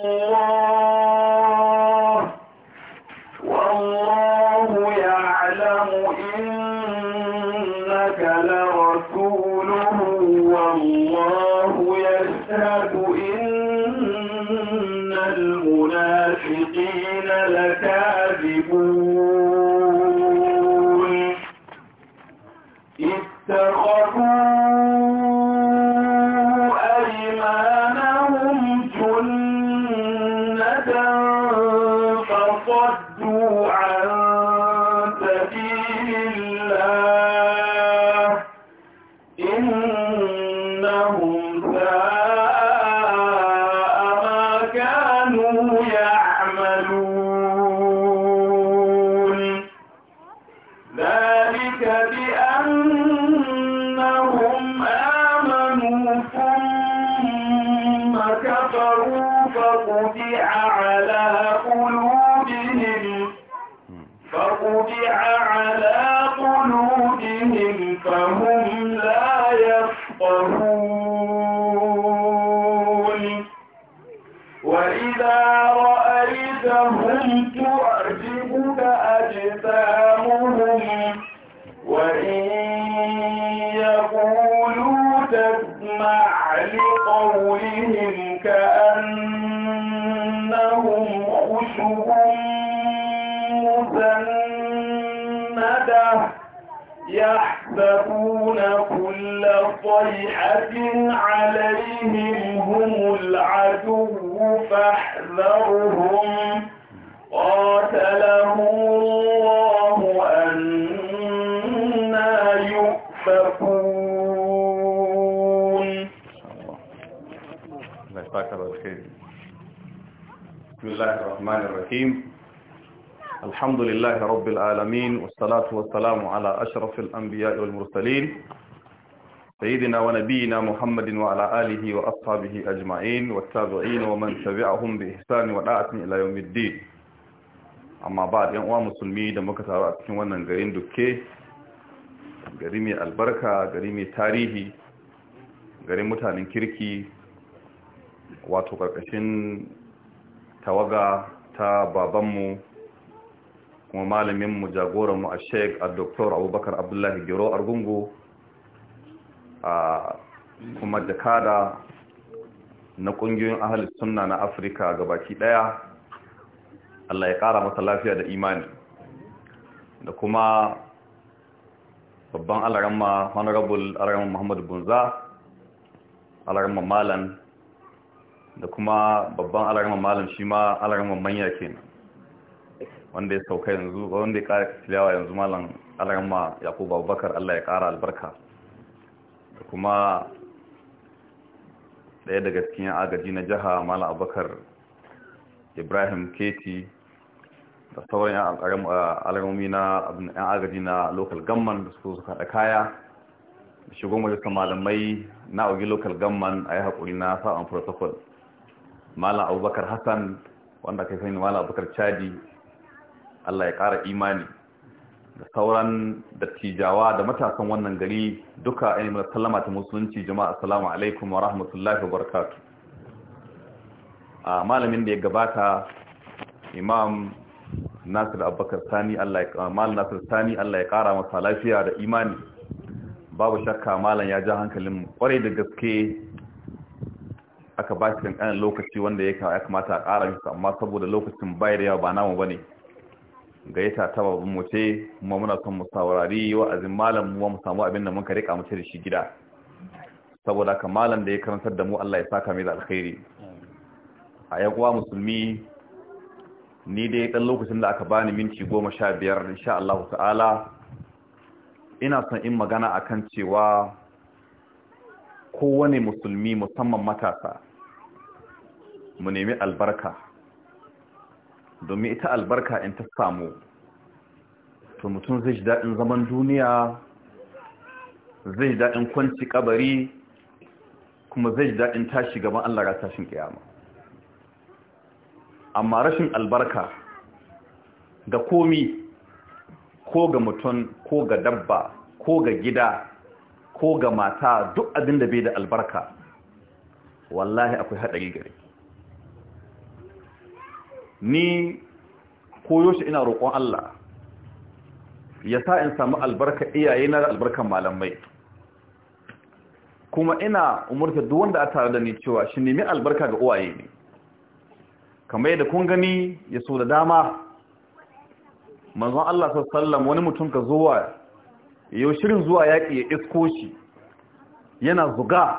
嗯 إنهم سائلون أجسامهم وإن يقولوا تسمع لقولهم كأنهم خشب مسندة يحسبون كل صيحة عليهم هم العدو فاحذرهم قاتلهم جزاك الله خير بسم الله الرحمن الرحيم الحمد لله رب العالمين والصلاة والسلام على أشرف الأنبياء والمرسلين سيدنا ونبينا محمد وعلى آله وأصحابه أجمعين والتابعين ومن تبعهم بإحسان ودعتني إلى يوم الدين أما بعد يوم مسلمي دمك تارات كنوانا غرين دكي غريمي البركة غريمي تاريهي غريم متعلن كيركي wato ƙarƙashin tawaga ta babanmu kuma malaminmu jagoranmu a sheik a doktor abubakar abdullahi gero argungu a kuma jakada na ƙungiyoyin ahalis sunna na afirka gabaki ɗaya allah ya ƙara masa lafiya da imani da kuma babban wani honorable alarama muhammadu bunza alarama malan da kuma babban alarman malam shi ma alarman manya kenan wanda ya sauka yanzu wanda ya kara tilawa yanzu malam alarma yakubu abubakar allah ya kara albarka da kuma daya daga cikin agaji na jiha malam abubakar ibrahim keti da sauran alamomi na abin yan agaji na local gamman da su suka kaya da shigo majalisar malamai na ogin local gamman a yi haƙuri na sa'an protocol malam abubakar hassan wanda ka sani malam abubakar chadi allah ya ƙara imani da sauran dattijawa da matasan wannan gari duka ainihin mai sallama ta musulunci jama'a assalamu alaikum wa rahmatullahi wa barakatu a malamin da ya gabata imam nasir abubakar sani allah ya malam nasir sani allah ya kara masa lafiya da imani babu shakka malam ya ja hankalin kwarai da gaske aka ba shi kankanin lokaci wanda ya kamata a ƙara misa amma saboda lokacin bayar yawa ba namu ba ne gayyata ta ba mu ce kuma muna son mu saurari wa'azin malam mu mu samu abin da mun kare rika mace da shi gida saboda ka malam da ya karantar da mu Allah ya saka mai da alkhairi a yan uwa musulmi ni dai dan lokacin da aka bani minti goma sha biyar insha Allah ta'ala ina son in magana akan cewa kowane musulmi musamman matasa mu nemi albarka domin ita albarka in ta samu to mutum zai ji daɗin zaman duniya zai ji daɗin kwanci kabari kuma zai ji daɗin tashi gaban Allah ga tashin kiyama amma rashin albarka ga komi ko ga mutum ko ga dabba ko ga gida ko ga mata duk abin da bai da albarka wallahi akwai haɗari gari. ni koyo shi ina roƙon Allah ya sa in samu albarka iyaye na da albarkan malamai kuma ina umurta duk wanda a tare da ni cewa shi nemi albarka ga uwaye ne kamar yadda kun gani ya so da dama manzon Allah sallallahu wani mutum ka zuwa yau shirin zuwa yaki ya isko shi yana zuga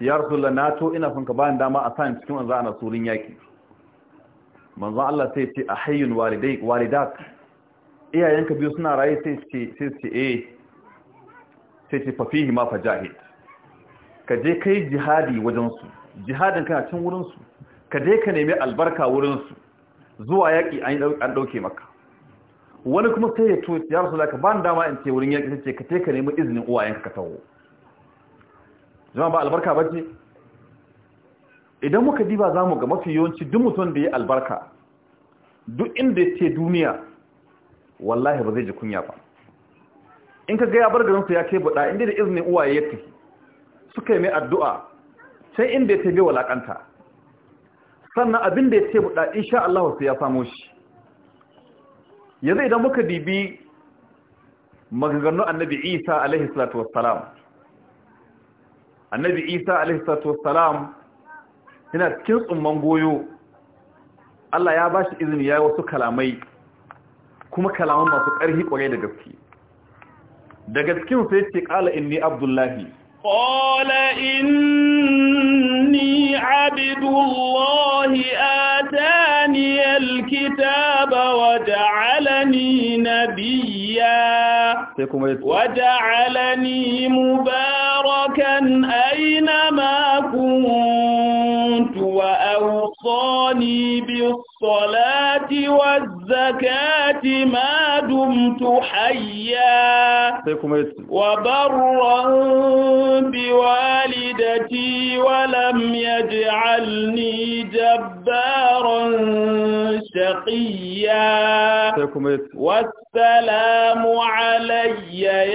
ya rasulullahi na to ina son ka bayan dama a sa cikin wanzu ana surin yaki. manzon Allah sai ce a hayyun walidai walidat iyayenka biyu suna raye sai ce sai ce eh sai ce fa fihi ma fajahid ka je kai jihadi wajen su jihadin kana cin wurin su ka je ka nemi albarka wurin su zuwa yaki an dauke maka wani kuma sai ya to ya rasulullah ka ni dama in ce wurin yaki sai ce ka ka nemi izinin uwayenka ka tawo jama ba albarka bace idan muka diba za mu ga mafi yawanci duk mutum da ya albarka duk inda ya ce duniya wallahi ba zai ji kunya ba in ka gaya bar garinsu ya ke buɗa inda da izinin uwaye ya tafi suka yi mai addu'a sai inda ya ce bai walakanta sannan abin da ya ce buɗa sha Allah wasu ya samo shi yanzu idan muka dibi maganganu annabi isa alaihi salatu wassalam annabi isa alaihi salatu wassalam yana cikin tsumman goyo Allah ya ba shi izini ya yi wasu kalamai kuma kalaman masu ƙarfi ƙwarai da gaske daga cikin sai ce ƙala inni abdullahi ƙala inni abdullahi atani alkitaba wa ja'alani nabiyya wa ja'alani mubarakan aina ma الزكاة ما دمت حيا وبرا بوالدتي ولم يجعلني جبارا شقيا والسلام علي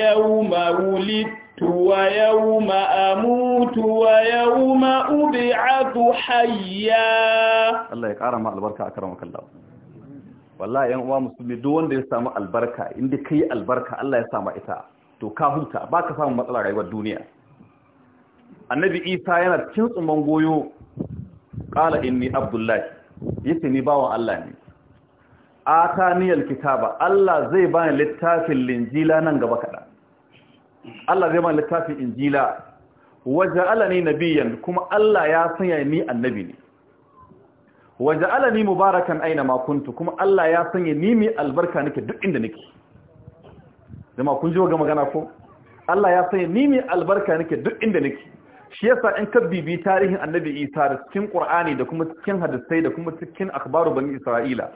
يوم ولدت ويوم أموت ويوم أبعث حيا الله يكرمك البركة أكرمك الله wallahi yan uwa musulmi duk wanda ya samu albarka inda kai albarka Allah ya samu ita to ka huta ka samu matsala rayuwar duniya annabi Isa yana cin tsumman goyo Kala inni abdullahi yace ni bawan Allah ne atani kitaba. Allah zai bani littafin linjila nan gaba kada Allah zai bani littafin injila waja'alani nabiyyan kuma Allah ya sanya ni annabi ne wa mubarakan aina ma kuma Allah ya sanya ni mai albarka nake duk inda nake jama kun ji ga magana ko Allah ya sanya ni mai albarka nake duk inda nake shi yasa in ka bibi tarihin Annabi Isa da cikin Qur'ani da kuma cikin hadisai da kuma cikin akhbaru bani Isra'ila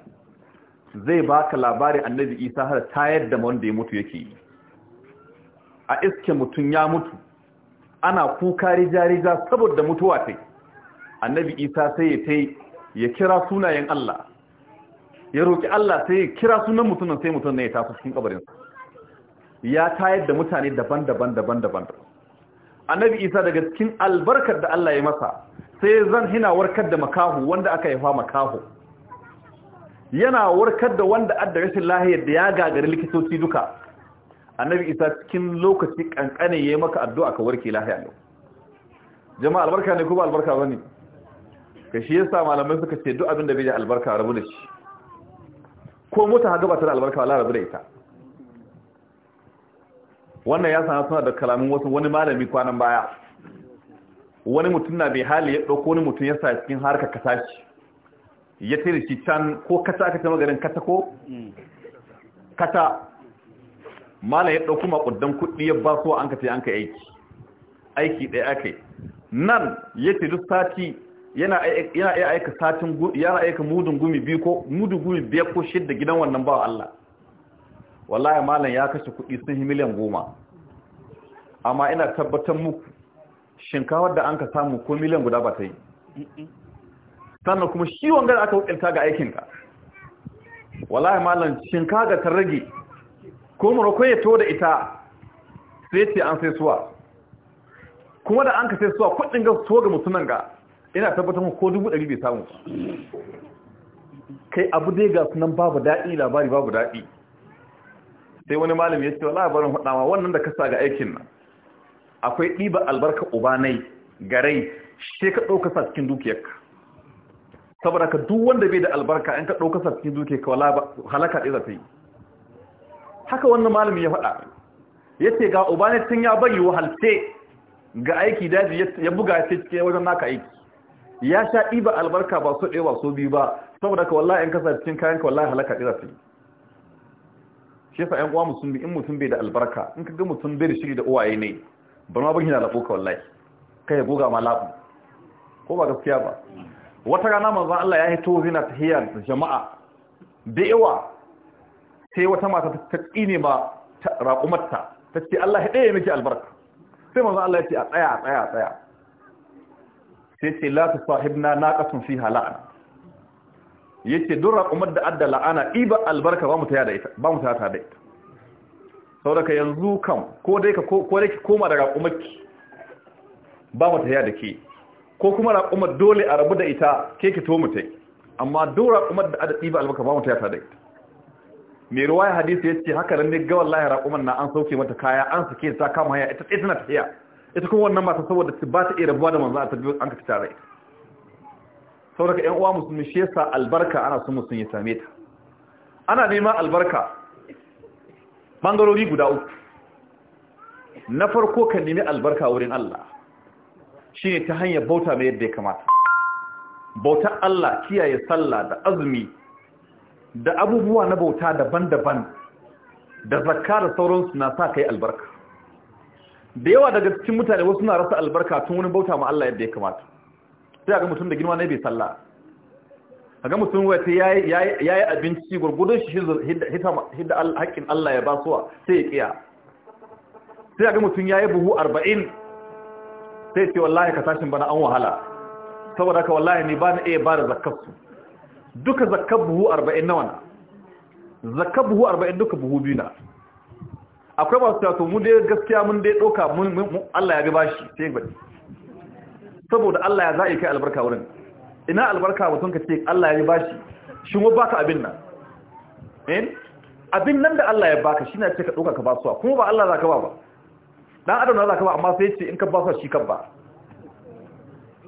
zai baka labari Annabi Isa har tayar da wanda ya mutu yake a iske mutun ya mutu ana kuka rijarija saboda mutuwa sai Annabi Isa sai ya tai ya kira sunayen Allah ya roƙi Allah sai ya kira sunan mutumin sai mutum ne ya tafi cikin kabarin ya tayar da mutane daban-daban daban-daban annabi isa daga cikin albarkar da Allah ya masa sai zan hina warkar da makahu wanda aka yi fa makahu yana warkar da wanda adda rashin lahiyar da ya gagari likitoci duka annabi isa cikin lokaci kankane yayi maka addu'a ka warke lahiya jama'a albarka ne ko ba albarka bane ka shi yasa malamai suka ce duk abin da bai da albarka rabu da shi ko mota ha gaba ta da albarka wala rabu da ita wannan ya sanar suna da kalamin wasu wani malami kwanan baya wani mutum na bai hali ya ɗauko wani mutum ya sa cikin harka kasa shi ya ce shi can ko kata aka tama garin kata ko kata malam ya ɗauko makudan kuɗi ya ba su an ka ce an ka aiki aiki ɗaya aka yi nan ya ce duk sati yana iya aika satin yana aika mudun gumi biyu ko mudun gumi biyar ko shidda gidan wannan ba Allah wallahi malam ya kashe kuɗi sun yi miliyan goma amma ina tabbatar muku shinkawar da an ka samu ko miliyan guda ba ta yi sannan kuma shi wangar aka wakilta ga aikinka wallahi malam shinkawa da ta rage ko maroko ya to da ita sai ce an sai suwa kuma da an ka sai suwa kuɗin ga so ga mutumin ga ina tabbatar ko dubu ɗari bai samu kai abu dai ga sunan babu daɗi labari babu daɗi sai wani malami ya ce wa labarin hudawa wannan da ka sa ga aikin nan akwai ɗiba albarka ubanai garai shi ka ɗauka sa cikin dukiyarka saboda ka duk wanda bai da albarka in ka ɗauka sa cikin dukiyarka halaka ɗaya za ta yi haka wannan malami ya faɗa ya ce ga ubanai tun ya bayi wahalce ga aiki daji ya buga ya ce cikin wajen naka aiki ya sha ɗiba albarka ba so ɗaya ba so biyu ba saboda ka wallahi in kasa cikin kayan ka wallahi halaka ɗira su shi yasa ƴan uwa bi in mutum bai da albarka in ka ga mutum bai da shiri da uwaye ne ba ma ban hina lafo ka wallahi kai ya goga ma labu ko ba gaskiya ba wata rana manzon Allah ya hito zina tahiyya jama'a da yawa sai wata mata ta tsine ma raƙumarta ta ce Allah ya ɗaya miki albarka sai manzon Allah ya ce a tsaya a tsaya a tsaya sai ce la tusahibna naqatun fiha Ya yace duk raqumar da adda la'ana iba albarka ba mu ta da ita ba mu ta ta da ita saboda yanzu kam ko dai ka ko dai ki koma da raqumar ki ba mu ta da ke ko kuma raqumar dole a rabu da ita ke ki to mu tai amma duk raqumar da adda iba albarka ba mu ta ta da ita mai ruwaya hadisi yace haka ran ne ga wallahi raqumar na an sauke mata kaya an sake ta kama haya ita tana tafiya ita kuma wannan mata saboda ba ta iya rabuwa da manzo a tarbiyyar an ka tare. rai saboda ƴan uwa musulmi shi yasa albarka ana sun musulmi ya same ta ana neman albarka bangarori guda uku na farko ka nemi albarka wurin Allah shine ta hanyar bauta mai yadda ya kamata bauta Allah kiyaye sallah da azumi da abubuwa na bauta daban-daban da zakka da sauransu na sa ka yi albarka da yawa daga cikin mutane wasu na rasa albarka tun wani bauta ma Allah yadda ya kamata sai ga mutum da girma ne bai A ga mutum sai yayi yayi abinci gurgudun shi hita hidda haƙƙin Allah ya basuwa sai ya kiya sai ga mutum yayi buhu 40 sai ce wallahi ka tashin bana an wahala saboda ka wallahi ni ba na iya ba da zakkar su duka zakkab buhu 40 nawa na Zakkab buhu 40 duka buhu biyu na akwai masu tato mu dai gaskiya mun dai ɗauka Allah ya bi bashi sai ya saboda Allah ya za'i kai albarka wurin ina albarka mutum ka ce Allah ya bi bashi shi mu baka abin nan in abin nan da Allah ya baka shi na ce ka ɗauka ka ba suwa kuma ba Allah za ka ba ba dan adam na za ka ba amma sai ce in ka ba shi kan ba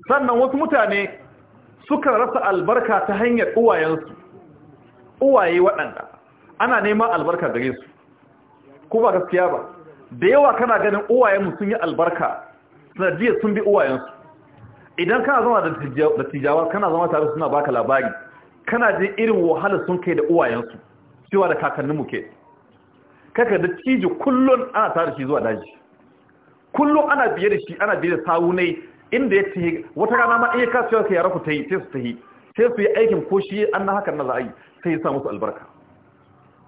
sannan wasu mutane suka rasa albarka ta hanyar uwayensu uwaye waɗanda ana neman albarka gare su ko ba gaskiya ba da yawa kana ganin uwayenmu sun yi albarka sanadiyar sun bi uwayensu idan kana zama da tijawa kana zama tare suna baka labari kana jin irin wahala sun kai da uwayensu cewa da kakanninmu ke kaka da ciji kullum ana tare shi zuwa daji kullum ana biye da shi ana biye da sawunai inda ya tihe wata rana ma iya kasuwa ka yara ku ta yi sai su ta yi sai su yi aikin ko shi an na hakan na za'ayi. yi sai ya sa musu albarka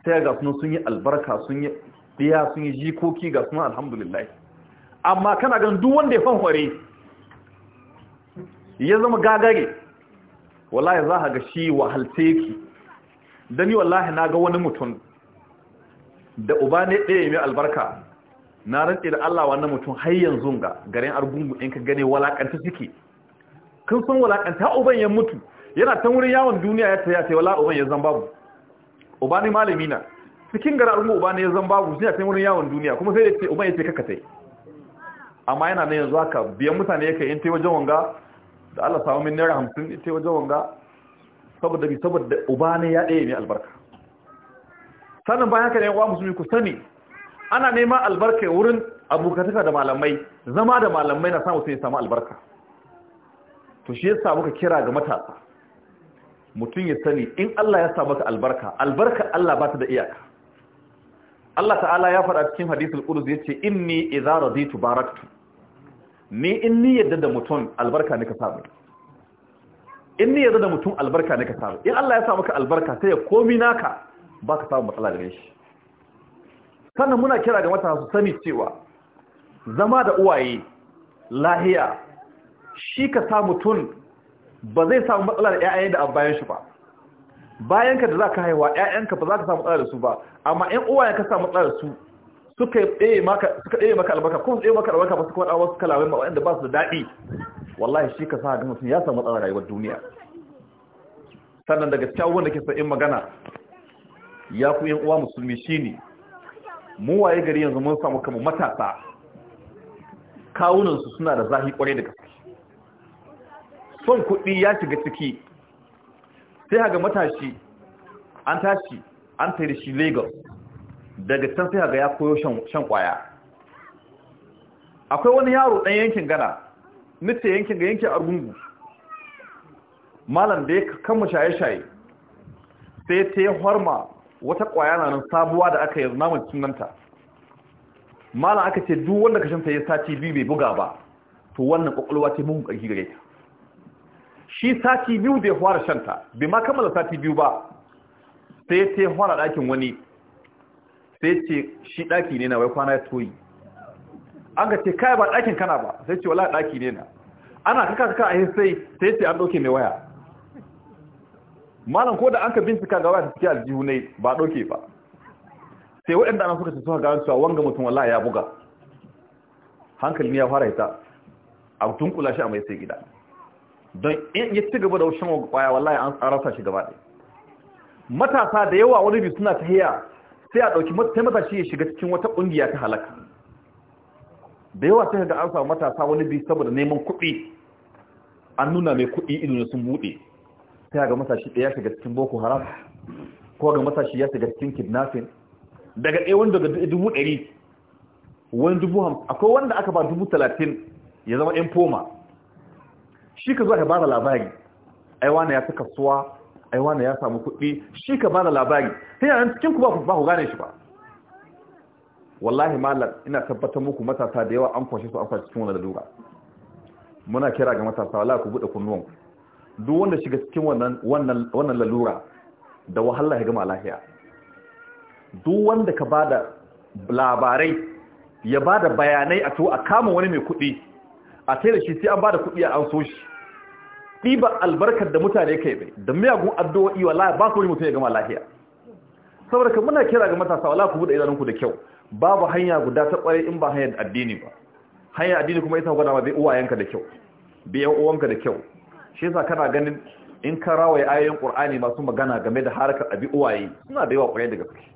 sai ga sun yi albarka sun yi ɗiya sun yi jikoki ga suna alhamdulillah amma kana gan duk wanda ya fanfare ya zama gagare wallahi za ka ga shi wahalce ki dani wallahi na ga wani mutum da uba ne ɗaya mai albarka na rantse da Allah wannan mutum har yanzu ga garin argungu in ka gane walakanta suke kun san walakanta uban ya mutu yana ta wurin yawon duniya ya taya sai wala uban ya zan babu uba ne malami na cikin gara al'umma uba ne ya zan babu suna a kai wurin yawon duniya kuma sai yace uba yace kaka sai amma yana nan yanzu haka biyan mutane yake in tai wajen wanga da Allah samu min naira hamsin tai wajen wanga saboda bi saboda uba ne ya ɗaya ne albarka sannan bayan haka ne wa musulmi ku sani ana neman albarka wurin abokataka da malamai zama da malamai na samu sai samu albarka to shi yasa muka kira ga matasa mutum ya sani in Allah ya sa maka albarka albarka Allah ba ta da iyaka Allah ta'ala ya faɗa cikin hadisul qudus yace inni idza raditu baraktu ni in ni yadda da mutum albarka ne ka samu in ni yadda da mutum albarka ne ka samu in Allah ya sa maka albarka sai ya komi naka baka samu matsala gare shi sannan muna kira ga matasa su sani cewa zama da uwaye lahiya shi ka sa mutum ba zai samu matsala da ƴaƴan da bayan shi ba bayan ka da za ka haihuwa ‘ya'yanka ba za ka samu tsara da su ba amma ‘yan uwayen ka samu tsara da su suka ɗaya maka albarka kuma ɗaya maka albarka ba su kwaɗa wasu kalamai ba waɗanda ba su da daɗi wallahi shi ka sa ga mutum ya samu tsara rayuwar duniya sannan daga kyawun da ke sa'in magana ya ku ‘yan uwa musulmi shi ne mu waye gari yanzu mun samu kamar matasa kawunansu suna da zahi kwarai da gaske son kuɗi ya shiga ciki sai haga matashi an tashi an tai da shi lagos daga can sai haga ya koyo shan kwaya akwai wani yaro ɗan yankin gana nace yankin ga yankin argungu malam da ya kama shaye-shaye sai ta yi horma wata kwaya na nan sabuwa da aka yi namun sunanta malam aka ce duk wanda kashin ya sa sati biyu bai buga ba to wannan kwakwalwa ce mun ƙarfi gare ta shi sati biyu da ya fara shanta bai ma kammala sati biyu ba sai sai fara ɗakin wani sai ce shi ɗaki ne na wai kwana ya toyi an ga ce kai ba ɗakin kana ba sai ce wala ɗaki ne na ana kaka kaka a yi sai sai ce an ɗauke mai waya malam ko da an ka bincika ga waya ta cikin aljihu ne ba ɗauke ba sai waɗanda ana suka ce suka gano cewa wanga mutum wala ya buga hankali ne ya fara hita a tunkula shi a mai sai gida don in ya ci gaba da shan kwaya wallahi an rasa shi gaba ɗaya matasa da yawa wani bi suna ta tahiya sai a ɗauki sai matashi ya shiga cikin wata ƙungiya ta halaka da yawa sai ga an samu matasa wani bi saboda neman kuɗi an nuna mai kuɗi ido sun buɗe sai ga matashi ɗaya shiga cikin boko haram ko ga matashi ya shiga cikin kidnapping daga ɗaya wanda daga dubu ɗari wani dubu hamsin akwai wanda aka ba dubu talatin ya zama ɗan foma shi ka zo ka bada labari ai wani ya saka suwa ai wani ya samu kuɗi shi ka bada labari sai yana cikin ku ba ku gane shi ba wallahi malam ina tabbatar muku matasa da yawa an kwashe su an kwashe cikin wannan lalura muna kira ga matasa wala ku buɗe kunnuwan duk wanda shiga cikin wannan lalura da wahala ya gama lahiya duk wanda ka bada labarai ya bada bayanai a to a kama wani mai kuɗi a sai da shi sai an bada kuɗi a an so shi ɗibar albarkar da mutane kai bai da miyagun addu'o'i wallahi ba su wani mutum ya gama lahiya. saboda kan muna kira ga matasa wa ku buɗe idanunku da kyau babu hanya guda ta ƙwarai in ba hanyar addini ba hanyar addini kuma ita gwada ma bai uwayenka da kyau biyan uwanka da kyau shi yasa kana ganin in ka rawaye ayoyin qur'ani masu magana game da harkar abi uwaye suna da yawa ƙwarai daga kai.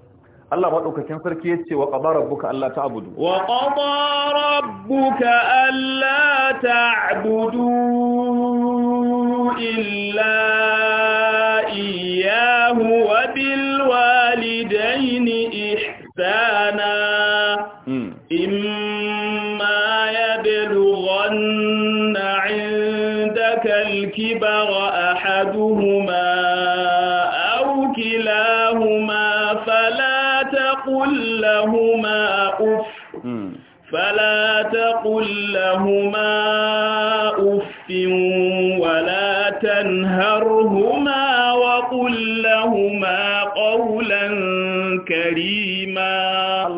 Allah maɗaukakin sarki ya ce wa ƙaba rabbuka Allah ta abudu. Wa ƙaba rabbuka Allah ta abudu. إلا إياه وبالوالدين إحسانا إما يبلغن عندك الكبر أحدهما أو كلاهما فلا تقل لهما أف فلا تقل لهما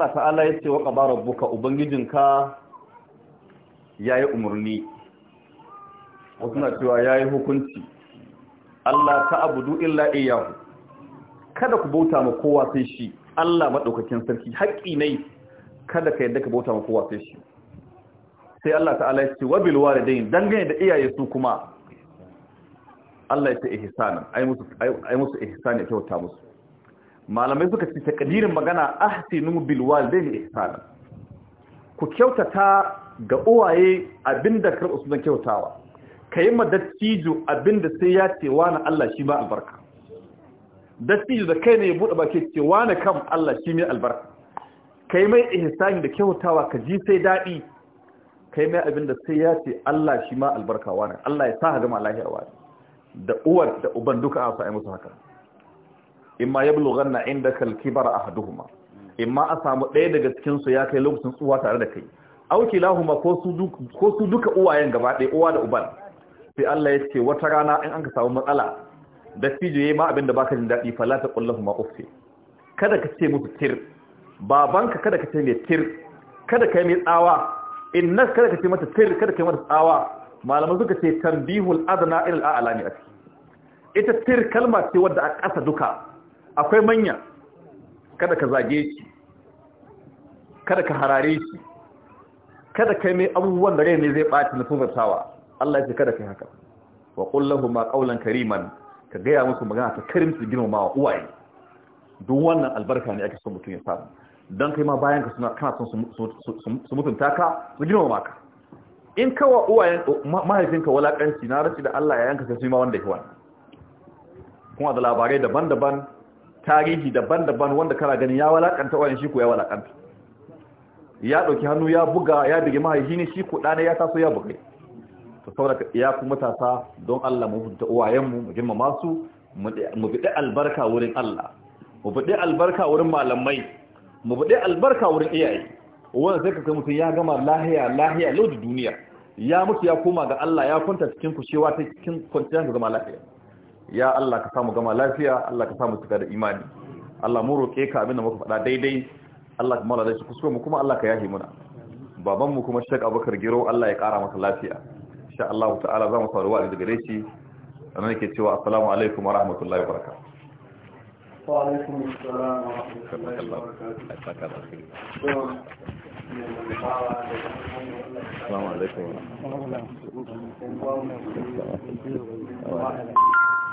Allah ta'ala ya ce wa ƙaba ubangijinka ya yi umarni wasu na cewa ya yi hukunci Allah ta abudu illa iyahu kada ku bauta ma kowa sai shi Allah maɗaukakin sarki haƙƙi ne kada ka yadda ka bauta ma kowa sai shi sai Allah ta'ala ya ce wa bil walidain dangane da iyaye su kuma Allah ya ce ihsanan ai musu ai musu ihsani kyauta musu malamai suka ce kadirin magana ahsinu bil walidaini ihsana ku kyautata ga uwaye abinda kar usman kyautawa kai ma dattijo abinda sai ya ce wani Allah shi ma albarka dattijo da kai ne ya bude baki ce wani kam Allah shi ne albarka kai mai ihsani da kyautawa ka ji sai dadi kai mai abinda sai ya ce Allah shi ma albarka wani Allah ya sa ha gama lahiya wani da uwar da uban duka a fa'i musu haka imma yablughanna indaka al-kibara ahaduhuma imma a samu ɗaya daga cikin su ya kai lokacin tsuwa tare da kai Auki lahuma ko su duka uwayen gaba ɗaya uwa da uban sai Allah ya ce wata rana in an ka samu matsala da yi ma abinda baka jin fa fala ta huma uffi kada ka ce musu tir babanka kada ka ce mai tir kada ka yi mai tsawa na kada ka ce mata tir kada ka yi mata tsawa malamai suka ce tambihul adana ila al'ala ne a ita tir kalma ce wadda a ƙasa duka akwai manya kada ka zage shi kada ka harare shi kada kai mai abubuwan da rai ne zai ɓaci na tozartawa Allah ya ce kada kai haka wa qul ma ƙaunar kariman ka gaya musu magana ta karimci girmamawa uwaye duk wannan albarka ne ake son mutum ya samu don kai ma bayan ka suna kana son su mutunta ka su girmama ka in kawa uwaye mahaifinka walakanci na rashi da Allah ya yanka sai su yi ma wanda ya wani kuma da labarai daban-daban tarihi daban-daban wanda kana ganin ya walakanta wani shi ko ya walakanta ya dauki hannu ya buga ya bige mahaifi ne shi ko dana ya taso ya buga to saboda ya ku matasa don Allah mu huta uwayen mu mu girmama su mu bi albarka wurin Allah mu bi albarka wurin malamai mu bi albarka wurin iyaye wanda sai ka mutum ya gama lahiya lahiya lau da duniya ya mutu ya koma ga Allah ya kwanta cikin kushewa ta cikin kwanciyar ga lahiya ya Allah ka samu gama lafiya Allah ka samu cika da imani Allah mu roƙe ka abinda muka faɗa daidai Allah ka mala da shi kuskure mu kuma Allah ka yahi muna baban mu kuma Sheikh Abubakar Giro Allah ya ƙara masa lafiya insha Allah ta'ala zamu faru wa daga gare shi sannan yake cewa assalamu alaikum wa rahmatullahi wa barakatuh wa alaikum assalam wa rahmatullahi wa